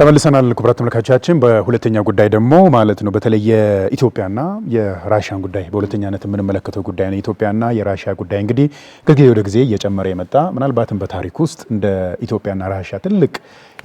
ተመልሰናል ክቡራት ተመልካቾቻችን። በሁለተኛ ጉዳይ ደግሞ ማለት ነው በተለይ የኢትዮጵያና የራሽያን ጉዳይ በሁለተኛነት የምንመለከተው ጉዳይ ነው። የኢትዮጵያና የራሽያ ጉዳይ እንግዲህ ከጊዜ ወደ ጊዜ እየጨመረ የመጣ ምናልባትም በታሪክ ውስጥ እንደ ኢትዮጵያና ራሽያ ትልቅ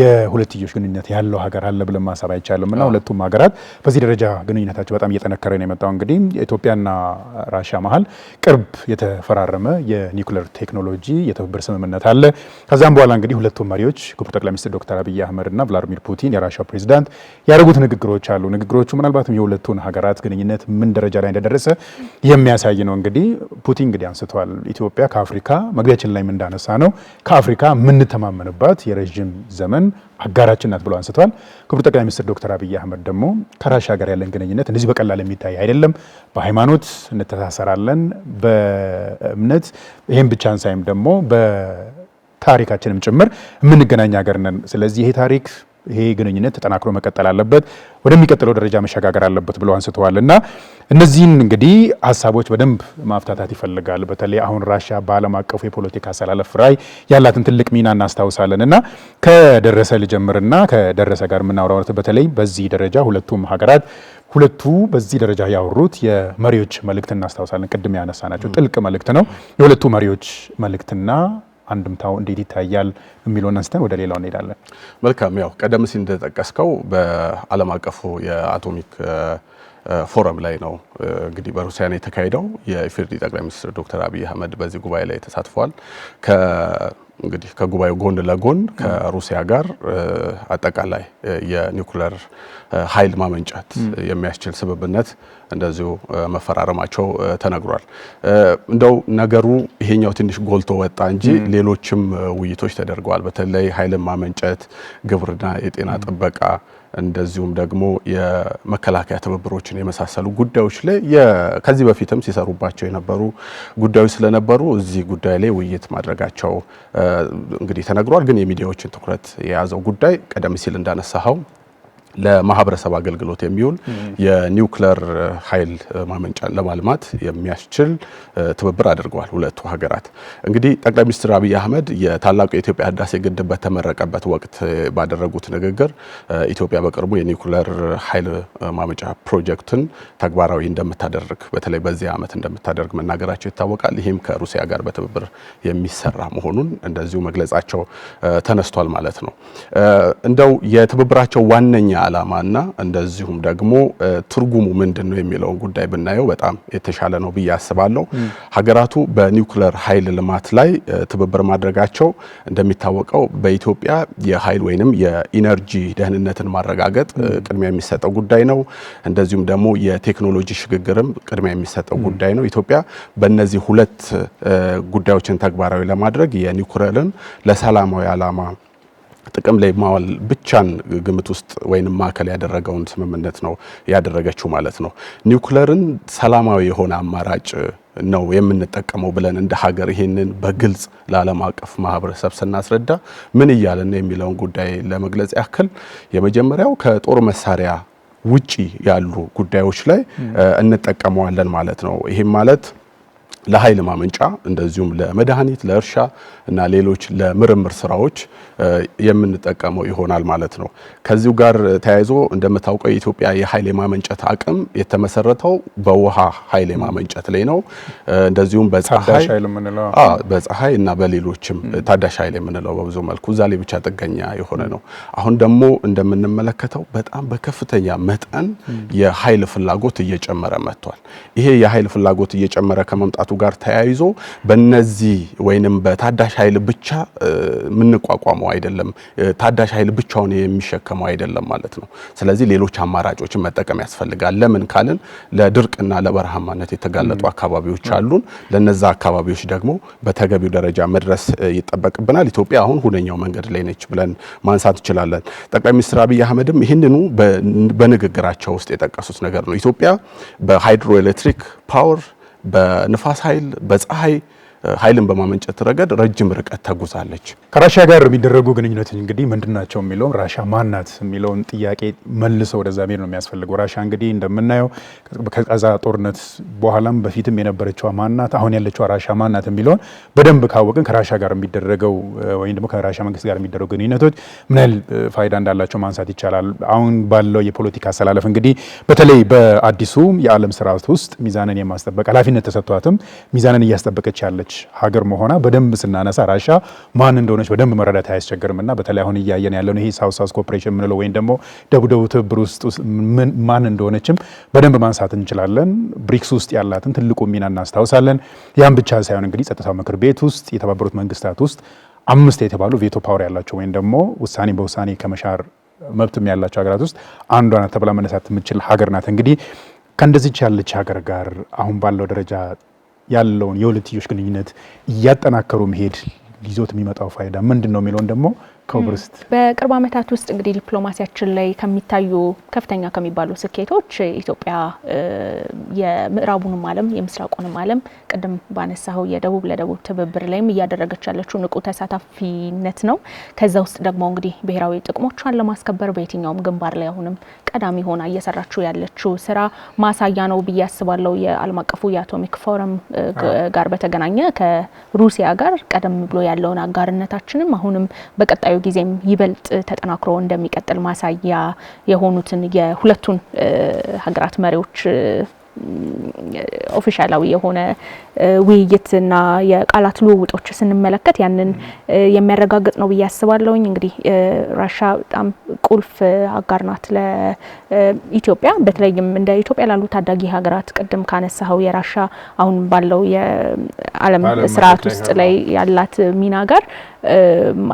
የሁለትዮሽ ግንኙነት ያለው ሀገር አለ ብለን ማሰብ አይቻልም። እና ሁለቱም ሀገራት በዚህ ደረጃ ግንኙነታቸው በጣም እየጠነከረ ነው የመጣው። እንግዲህ ኢትዮጵያና ራሻ መሀል ቅርብ የተፈራረመ የኒውክሌር ቴክኖሎጂ የትብብር ስምምነት አለ። ከዚያም በኋላ እንግዲህ ሁለቱም መሪዎች ክቡር ጠቅላይ ሚኒስትር ዶክተር አብይ አህመድ እና ቭላዲሚር ፑቲን የራሻው ፕሬዚዳንት ያደረጉት ንግግሮች አሉ። ንግግሮቹ ምናልባትም የሁለቱን ሀገራት ግንኙነት ምን ደረጃ ላይ እንደደረሰ የሚያሳይ ነው። እንግዲህ ፑቲን እንግዲህ አንስተዋል ኢትዮጵያ ከአፍሪካ መግቢያችን ላይ እንዳነሳ ነው ከአፍሪካ የምንተማመንባት የረዥም ዘመን አጋራችን ናት ብሎ አንስተዋል። ክቡር ጠቅላይ ሚኒስትር ዶክተር አብይ አህመድ ደግሞ ከራሻ ጋር ያለን ግንኙነት እንደዚህ በቀላል የሚታይ አይደለም። በሃይማኖት እንተሳሰራለን፣ በእምነት ይህም ብቻን ሳይም ደግሞ በታሪካችንም ጭምር የምንገናኝ ሀገር ነን። ስለዚህ ይሄ ታሪክ ይሄ ግንኙነት ተጠናክሮ መቀጠል አለበት፣ ወደሚቀጥለው ደረጃ መሸጋገር አለበት ብለው አንስተዋል። እና እነዚህን እንግዲህ ሀሳቦች በደንብ ማፍታታት ይፈልጋል። በተለይ አሁን ራሻ በዓለም አቀፉ የፖለቲካ አሰላለፍ ላይ ያላትን ትልቅ ሚና እናስታውሳለን። እና ከደረሰ ልጀምርና ከደረሰ ጋር የምናወራው በተለይ በዚህ ደረጃ ሁለቱም ሀገራት ሁለቱ በዚህ ደረጃ ያወሩት የመሪዎች መልእክት እናስታውሳለን። ቅድም ያነሳ ናቸው ጥልቅ መልእክት ነው የሁለቱ መሪዎች መልእክትና አንድምታው እንዴት ይታያል የሚለውን አንስተን ወደ ሌላው እንሄዳለን። መልካም ያው ቀደም ሲል እንደጠቀስከው በዓለም አቀፉ የአቶሚክ ፎረም ላይ ነው እንግዲህ በሩሲያን የተካሄደው። የኢፌዴሪ ጠቅላይ ሚኒስትር ዶክተር አብይ አህመድ በዚህ ጉባኤ ላይ ተሳትፏል። እንግዲህ ከጉባኤው ጎን ለጎን ከሩሲያ ጋር አጠቃላይ የኒውክለር ኃይል ማመንጨት የሚያስችል ስምምነት እንደዚሁ መፈራረማቸው ተነግሯል። እንደው ነገሩ ይሄኛው ትንሽ ጎልቶ ወጣ እንጂ ሌሎችም ውይይቶች ተደርገዋል። በተለይ ኃይልን ማመንጨት፣ ግብርና፣ የጤና ጥበቃ እንደዚሁም ደግሞ የመከላከያ ትብብሮችን የመሳሰሉ ጉዳዮች ላይ ከዚህ በፊትም ሲሰሩባቸው የነበሩ ጉዳዮች ስለነበሩ እዚህ ጉዳይ ላይ ውይይት ማድረጋቸው እንግዲህ ተነግሯል። ግን የሚዲያዎችን ትኩረት የያዘው ጉዳይ ቀደም ሲል እንዳነሳኸው ለማህበረሰብ አገልግሎት የሚውል የኒውክለር ኃይል ማመንጫን ለማልማት የሚያስችል ትብብር አድርገዋል ሁለቱ ሀገራት። እንግዲህ ጠቅላይ ሚኒስትር አብይ አህመድ የታላቁ የኢትዮጵያ ህዳሴ ግድብ በተመረቀበት ወቅት ባደረጉት ንግግር ኢትዮጵያ በቅርቡ የኒውክለር ኃይል ማመንጫ ፕሮጀክትን ተግባራዊ እንደምታደርግ በተለይ በዚህ ዓመት እንደምታደርግ መናገራቸው ይታወቃል። ይህም ከሩሲያ ጋር በትብብር የሚሰራ መሆኑን እንደዚሁ መግለጻቸው ተነስቷል ማለት ነው። እንደው የትብብራቸው ዋነኛ ዓላማና እንደዚሁም ደግሞ ትርጉሙ ምንድን ነው የሚለውን ጉዳይ ብናየው በጣም የተሻለ ነው ብዬ አስባለሁ። ሀገራቱ በኒውክለር ኃይል ልማት ላይ ትብብር ማድረጋቸው እንደሚታወቀው በኢትዮጵያ የኃይል ወይንም የኢነርጂ ደህንነትን ማረጋገጥ ቅድሚያ የሚሰጠው ጉዳይ ነው። እንደዚሁም ደግሞ የቴክኖሎጂ ሽግግርም ቅድሚያ የሚሰጠው ጉዳይ ነው። ኢትዮጵያ በእነዚህ ሁለት ጉዳዮችን ተግባራዊ ለማድረግ የኒውክለርን ለሰላማዊ ዓላማ ጥቅም ላይ ማዋል ብቻን ግምት ውስጥ ወይንም ማዕከል ያደረገውን ስምምነት ነው ያደረገችው ማለት ነው። ኒውክለርን ሰላማዊ የሆነ አማራጭ ነው የምንጠቀመው ብለን እንደ ሀገር ይህንን በግልጽ ለዓለም አቀፍ ማህበረሰብ ስናስረዳ ምን እያለን የሚለውን ጉዳይ ለመግለጽ ያክል የመጀመሪያው ከጦር መሳሪያ ውጪ ያሉ ጉዳዮች ላይ እንጠቀመዋለን ማለት ነው። ይህም ማለት ለኃይል ማመንጫ እንደዚሁም ለመድኃኒት፣ ለእርሻ እና ሌሎች ለምርምር ስራዎች የምንጠቀመው ይሆናል ማለት ነው። ከዚሁ ጋር ተያይዞ እንደምታውቀው የኢትዮጵያ የኃይል የማመንጨት አቅም የተመሰረተው በውሃ ኃይል የማመንጨት ላይ ነው። እንደዚሁም በፀሐይ እና በሌሎችም ታዳሽ ኃይል የምንለው በብዙ መልኩ እዛ ላይ ብቻ ጥገኛ የሆነ ነው። አሁን ደግሞ እንደምንመለከተው በጣም በከፍተኛ መጠን የኃይል ፍላጎት እየጨመረ መጥቷል። ይሄ የኃይል ፍላጎት እየጨመረ ከመምጣቱ ከመምጣቱ ጋር ተያይዞ በነዚህ ወይንም በታዳሽ ኃይል ብቻ የምንቋቋመው አይደለም፣ ታዳሽ ኃይል ብቻውን የሚሸከመው አይደለም ማለት ነው። ስለዚህ ሌሎች አማራጮችን መጠቀም ያስፈልጋል። ለምን ካልን ለድርቅና ለበረሃማነት የተጋለጡ አካባቢዎች አሉን። ለነዛ አካባቢዎች ደግሞ በተገቢው ደረጃ መድረስ ይጠበቅብናል። ኢትዮጵያ አሁን ሁነኛው መንገድ ላይ ነች ብለን ማንሳት እንችላለን። ጠቅላይ ሚኒስትር አብይ አህመድም ይህንኑ በንግግራቸው ውስጥ የጠቀሱት ነገር ነው። ኢትዮጵያ በሃይድሮኤሌክትሪክ ፓወር በንፋስ ኃይል፣ በፀሐይ ኃይልን በማመንጨት ረገድ ረጅም ርቀት ተጉዛለች። ከራሻ ጋር የሚደረጉ ግንኙነት እንግዲህ ምንድን ናቸው የሚለውም ራሻ ማናት የሚለውን ጥያቄ መልሶ ወደዛ ሄድ ነው የሚያስፈልገው። ራሻ እንግዲህ እንደምናየው ከቀዛ ጦርነት በኋላም በፊትም የነበረችዋ ማናት፣ አሁን ያለችዋ ራሻ ማናት የሚለውን በደንብ ካወቅን ከራሻ ጋር የሚደረገው ወይም ደግሞ ከራሻ መንግስት ጋር የሚደረጉ ግንኙነቶች ምን ያህል ፋይዳ እንዳላቸው ማንሳት ይቻላል። አሁን ባለው የፖለቲካ አሰላለፍ እንግዲህ በተለይ በአዲሱ የዓለም ስርዓት ውስጥ ሚዛንን የማስጠበቅ ኃላፊነት ተሰጥቷትም ሚዛንን እያስጠበቀች ያለች የሆነች ሀገር መሆኗ በደንብ ስናነሳ ራሻ ማን እንደሆነች በደንብ መረዳት አያስቸግርም እና በተለይ አሁን እያየን ያለው ይሄ ሳውስ ሳውስ ኮኦፕሬሽን የምንለው ወይም ደግሞ ደቡብ ደቡብ ትብብር ውስጥ ማን እንደሆነችም በደንብ ማንሳት እንችላለን። ብሪክስ ውስጥ ያላትን ትልቁ ሚና እናስታውሳለን። ያን ብቻ ሳይሆን እንግዲህ ጸጥታው ምክር ቤት ውስጥ የተባበሩት መንግስታት ውስጥ አምስት የተባሉ ቬቶ ፓወር ያላቸው ወይም ደግሞ ውሳኔ በውሳኔ ከመሻር መብትም ያላቸው ሀገራት ውስጥ አንዷ ናት ተብላ መነሳት የምችል ሀገር ናት። እንግዲህ ከእንደዚች ያለች ሀገር ጋር አሁን ባለው ደረጃ ያለውን የሁለትዮሽ ግንኙነት እያጠናከሩ መሄድ ይዞት የሚመጣው ፋይዳ ምንድን ነው የሚለውን ደግሞ ኮብርስት በቅርብ ዓመታት ውስጥ እንግዲህ ዲፕሎማሲያችን ላይ ከሚታዩ ከፍተኛ ከሚባሉ ስኬቶች ኢትዮጵያ የምዕራቡንም ዓለም የምስራቁንም ዓለም ቅድም ባነሳው የደቡብ ለደቡብ ትብብር ላይም እያደረገች ያለችው ንቁ ተሳታፊነት ነው። ከዛ ውስጥ ደግሞ እንግዲህ ብሔራዊ ጥቅሞቿን ለማስከበር በየትኛውም ግንባር ላይ አሁንም ቀዳሚ ሆና እየሰራችው ያለችው ስራ ማሳያ ነው ብዬ አስባለሁ። የዓለም አቀፉ የአቶሚክ ፎረም ጋር በተገናኘ ከሩሲያ ጋር ቀደም ብሎ ያለውን አጋርነታችንም አሁንም በቀጣዩ ጊዜም ይበልጥ ተጠናክሮ እንደሚቀጥል ማሳያ የሆኑትን የሁለቱን ሀገራት መሪዎች ኦፊሻላዊ የሆነ ውይይትና የቃላት ልውውጦች ስንመለከት ያንን የሚያረጋግጥ ነው ብዬ አስባለሁኝ። እንግዲህ ራሻ በጣም ቁልፍ አጋር ናት ለኢትዮጵያ። በተለይም እንደ ኢትዮጵያ ላሉ ታዳጊ ሀገራት ቅድም ካነሳኸው የራሻ አሁን ባለው የዓለም ስርዓት ውስጥ ላይ ያላት ሚና ጋር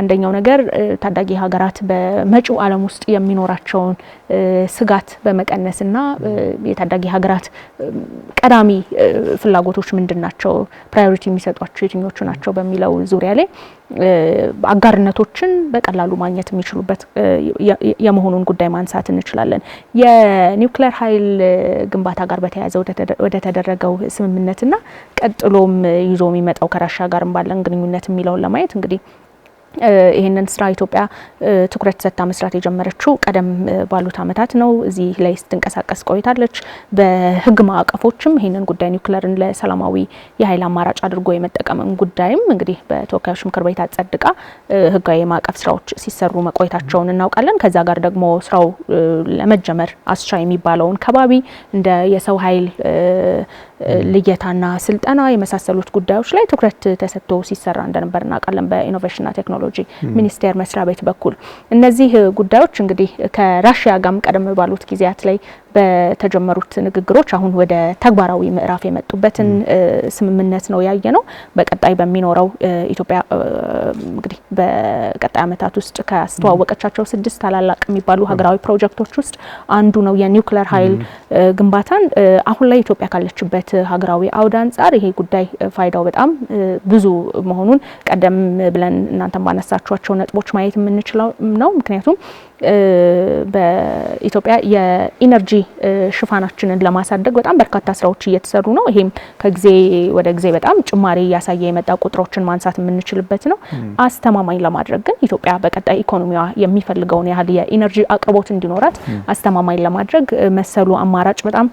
አንደኛው ነገር ታዳጊ ሀገራት በመጪው ዓለም ውስጥ የሚኖራቸውን ስጋት በመቀነስና የታዳጊ ሀገራት ቀዳሚ ፍላጎቶች ምንድን ናቸው ናቸው፣ ፕራዮሪቲ የሚሰጧቸው የትኞቹ ናቸው በሚለው ዙሪያ ላይ አጋርነቶችን በቀላሉ ማግኘት የሚችሉበት የመሆኑን ጉዳይ ማንሳት እንችላለን። የኒውክሌር ኃይል ግንባታ ጋር በተያያዘ ወደ ተደረገው ስምምነትና ቀጥሎም ይዞ የሚመጣው ከራሻ ጋርም ባለን ግንኙነት የሚለውን ለማየት እንግዲህ ይህንን ስራ ኢትዮጵያ ትኩረት ሰጥታ መስራት የጀመረችው ቀደም ባሉት አመታት ነው። እዚህ ላይ ስትንቀሳቀስ ቆይታለች። በህግ ማዕቀፎችም ይህንን ጉዳይ ኒውክለርን ለሰላማዊ የኃይል አማራጭ አድርጎ የመጠቀምን ጉዳይም እንግዲህ በተወካዮች ምክር ቤት አጸድቃ ህጋዊ የማዕቀፍ ስራዎች ሲሰሩ መቆየታቸውን እናውቃለን። ከዛ ጋር ደግሞ ስራው ለመጀመር አስቻ የሚባለውን ከባቢ እንደ የሰው ኃይል ልየታና ስልጠና የመሳሰሉት ጉዳዮች ላይ ትኩረት ተሰጥቶ ሲሰራ እንደነበር እናውቃለን በኢኖቬሽንና ቴክኖሎጂ ቴክኖሎጂ ሚኒስቴር መስሪያ ቤት በኩል እነዚህ ጉዳዮች እንግዲህ ከራሽያ ጋም ቀደም ባሉት ጊዜያት ላይ በተጀመሩት ንግግሮች አሁን ወደ ተግባራዊ ምዕራፍ የመጡበትን ስምምነት ነው ያየ ነው። በቀጣይ በሚኖረው ኢትዮጵያ እንግዲህ በቀጣይ ዓመታት ውስጥ ካስተዋወቀቻቸው ስድስት ታላላቅ የሚባሉ ሀገራዊ ፕሮጀክቶች ውስጥ አንዱ ነው የኒውክሌር ኃይል ግንባታን። አሁን ላይ ኢትዮጵያ ካለችበት ሀገራዊ አውድ አንጻር ይሄ ጉዳይ ፋይዳው በጣም ብዙ መሆኑን ቀደም ብለን እናንተም ባነሳችኋቸው ነጥቦች ማየት የምንችለው ነው ምክንያቱም በኢትዮጵያ የኢነርጂ ሽፋናችንን ለማሳደግ በጣም በርካታ ስራዎች እየተሰሩ ነው። ይሄም ከጊዜ ወደ ጊዜ በጣም ጭማሪ እያሳየ የመጣ ቁጥሮችን ማንሳት የምንችልበት ነው። አስተማማኝ ለማድረግ ግን ኢትዮጵያ በቀጣይ ኢኮኖሚዋ የሚፈልገውን ያህል የኢነርጂ አቅርቦት እንዲኖራት አስተማማኝ ለማድረግ መሰሉ አማራጭ በጣም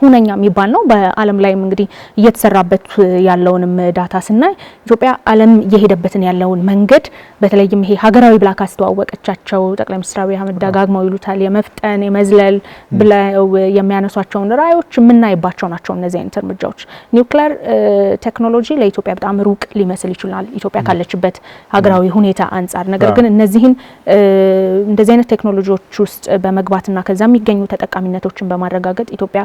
ሁነኛ የሚባል ነው። በዓለም ላይም እንግዲህ እየተሰራበት ያለውንም ዳታ ስናይ ኢትዮጵያ ዓለም እየሄደበትን ያለውን መንገድ በተለይም ይሄ ሀገራዊ ብላ ካስተዋወቀቻቸው ጠቅላይ ሚኒስትር አብይ አህመድ ደጋግመው ይሉታል የመፍጠን የመዝለል ብለው የሚያነሷቸውን ራዕዮች የምናይባቸው ናቸው። እነዚህ አይነት እርምጃዎች ኒውክሊየር ቴክኖሎጂ ለኢትዮጵያ በጣም ሩቅ ሊመስል ይችላል ኢትዮጵያ ካለችበት ሀገራዊ ሁኔታ አንጻር። ነገር ግን እነዚህን እንደዚህ አይነት ቴክኖሎጂዎች ውስጥ በመግባትና ከዛ የሚገኙ ተጠቃሚነቶችን በማረጋገጥ ኢትዮጵያ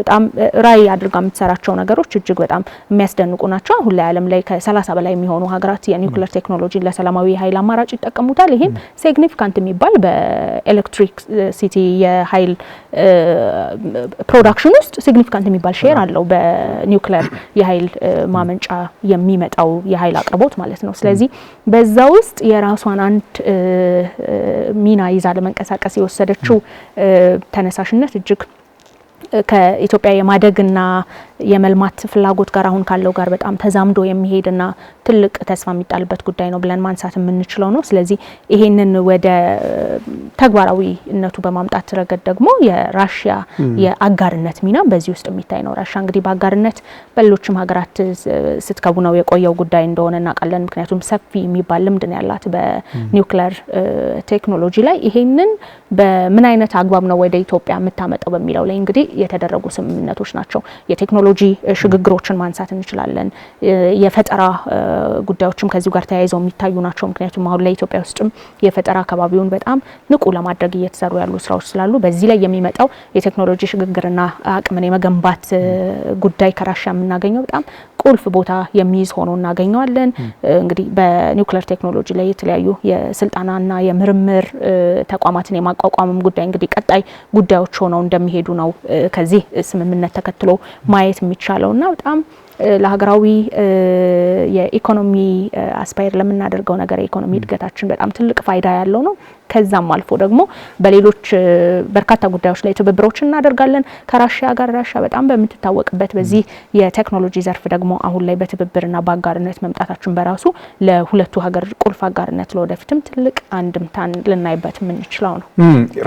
በጣም ራይ አድርጋ የምትሰራቸው ነገሮች እጅግ በጣም የሚያስደንቁ ናቸው። አሁን ላይ ዓለም ላይ ከሰላሳ በላይ የሚሆኑ ሀገራት የኒውክሌር ቴክኖሎጂን ለሰላማዊ የኃይል አማራጭ ይጠቀሙታል። ይህም ሲግኒፊካንት የሚባል በኤሌክትሪክ ሲቲ የኃይል ፕሮዳክሽን ውስጥ ሲግኒፊካንት የሚባል ሼር አለው በኒውክሌር የኃይል ማመንጫ የሚመጣው የኃይል አቅርቦት ማለት ነው። ስለዚህ በዛ ውስጥ የራሷን አንድ ሚና ይዛ ለመንቀሳቀስ የወሰደችው ተነሳሽነት እጅግ ከኢትዮጵያ የማደግና የመልማት ፍላጎት ጋር አሁን ካለው ጋር በጣም ተዛምዶ የሚሄድና ትልቅ ተስፋ የሚጣልበት ጉዳይ ነው ብለን ማንሳት የምንችለው ነው። ስለዚህ ይሄንን ወደ ተግባራዊነቱ በማምጣት ረገድ ደግሞ የራሽያ የአጋርነት ሚና በዚህ ውስጥ የሚታይ ነው። ራሽያ እንግዲህ በአጋርነት በሌሎችም ሀገራት ስትከውነው የቆየው ጉዳይ እንደሆነ እናውቃለን። ምክንያቱም ሰፊ የሚባል ልምድ ነው ያላት በኒውክሌር ቴክኖሎጂ ላይ። ይሄንን በምን አይነት አግባብ ነው ወደ ኢትዮጵያ የምታመጣው በሚለው ላይ እንግዲህ የተደረጉ ስምምነቶች ናቸው የቴክኖሎጂ የቴክኖሎጂ ሽግግሮችን ማንሳት እንችላለን። የፈጠራ ጉዳዮችም ከዚሁ ጋር ተያይዘው የሚታዩ ናቸው። ምክንያቱም አሁን ላይ ኢትዮጵያ ውስጥም የፈጠራ አካባቢውን በጣም ንቁ ለማድረግ እየተሰሩ ያሉ ስራዎች ስላሉ በዚህ ላይ የሚመጣው የቴክኖሎጂ ሽግግርና አቅምን የመገንባት ጉዳይ ከራሻ የምናገኘው በጣም ቁልፍ ቦታ የሚይዝ ሆኖ እናገኘዋለን። እንግዲህ በኒውክሌር ቴክኖሎጂ ላይ የተለያዩ የስልጠናና የምርምር ተቋማትን የማቋቋምም ጉዳይ እንግዲህ ቀጣይ ጉዳዮች ሆነው እንደሚሄዱ ነው ከዚህ ስምምነት ተከትሎ ማየት የሚቻለው እና በጣም ለሀገራዊ የኢኮኖሚ አስፓየር ለምናደርገው ነገር የኢኮኖሚ እድገታችን በጣም ትልቅ ፋይዳ ያለው ነው። ከዛም አልፎ ደግሞ በሌሎች በርካታ ጉዳዮች ላይ ትብብሮች እናደርጋለን ከራሽያ ጋር። ራሽያ በጣም በምትታወቅበት በዚህ የቴክኖሎጂ ዘርፍ ደግሞ አሁን ላይ በትብብርና በአጋርነት መምጣታችን በራሱ ለሁለቱ ሀገር ቁልፍ አጋርነት ለወደፊትም ትልቅ አንድምታን ልናይበት የምንችለው ነው።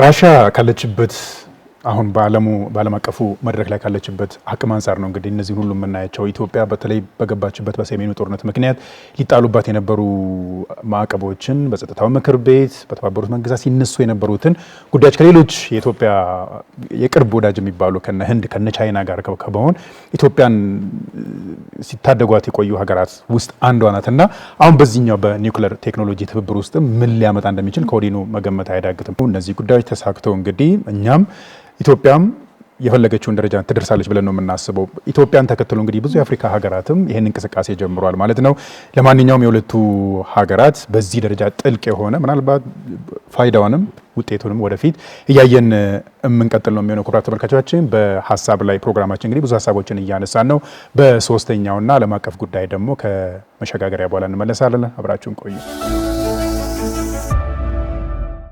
ራሽያ ካለችበት አሁን በዓለሙ በዓለም አቀፉ መድረክ ላይ ካለችበት አቅም አንጻር ነው እንግዲህ እነዚህን ሁሉ የምናያቸው። ኢትዮጵያ በተለይ በገባችበት በሰሜኑ ጦርነት ምክንያት ሊጣሉባት የነበሩ ማዕቀቦችን በጸጥታው ምክር ቤት በተባበሩት መንግስታት ሲነሱ የነበሩትን ጉዳዮች ከሌሎች የኢትዮጵያ የቅርብ ወዳጅ የሚባሉ ከነ ህንድ ከነ ቻይና ጋር ከበሆን ኢትዮጵያን ሲታደጓት የቆዩ ሀገራት ውስጥ አንዷ ናት እና አሁን በዚህኛው በኒውክለር ቴክኖሎጂ ትብብር ውስጥ ምን ሊያመጣ እንደሚችል ከወዲኑ መገመት አይዳግትም። እነዚህ ጉዳዮች ተሳክተው እንግዲህ እኛም ኢትዮጵያም የፈለገችውን ደረጃ ትደርሳለች ብለን ነው የምናስበው። ኢትዮጵያን ተከትሎ እንግዲህ ብዙ የአፍሪካ ሀገራትም ይህን እንቅስቃሴ ጀምሯል ማለት ነው። ለማንኛውም የሁለቱ ሀገራት በዚህ ደረጃ ጥልቅ የሆነ ምናልባት ፋይዳዋንም ውጤቱንም ወደፊት እያየን የምንቀጥል ነው የሚሆነው። ኩራት ተመልካቾቻችን፣ በሀሳብ ላይ ፕሮግራማችን እንግዲህ ብዙ ሀሳቦችን እያነሳን ነው። በሶስተኛውና ዓለም አቀፍ ጉዳይ ደግሞ ከመሸጋገሪያ በኋላ እንመለሳለን። አብራችሁን ቆዩ።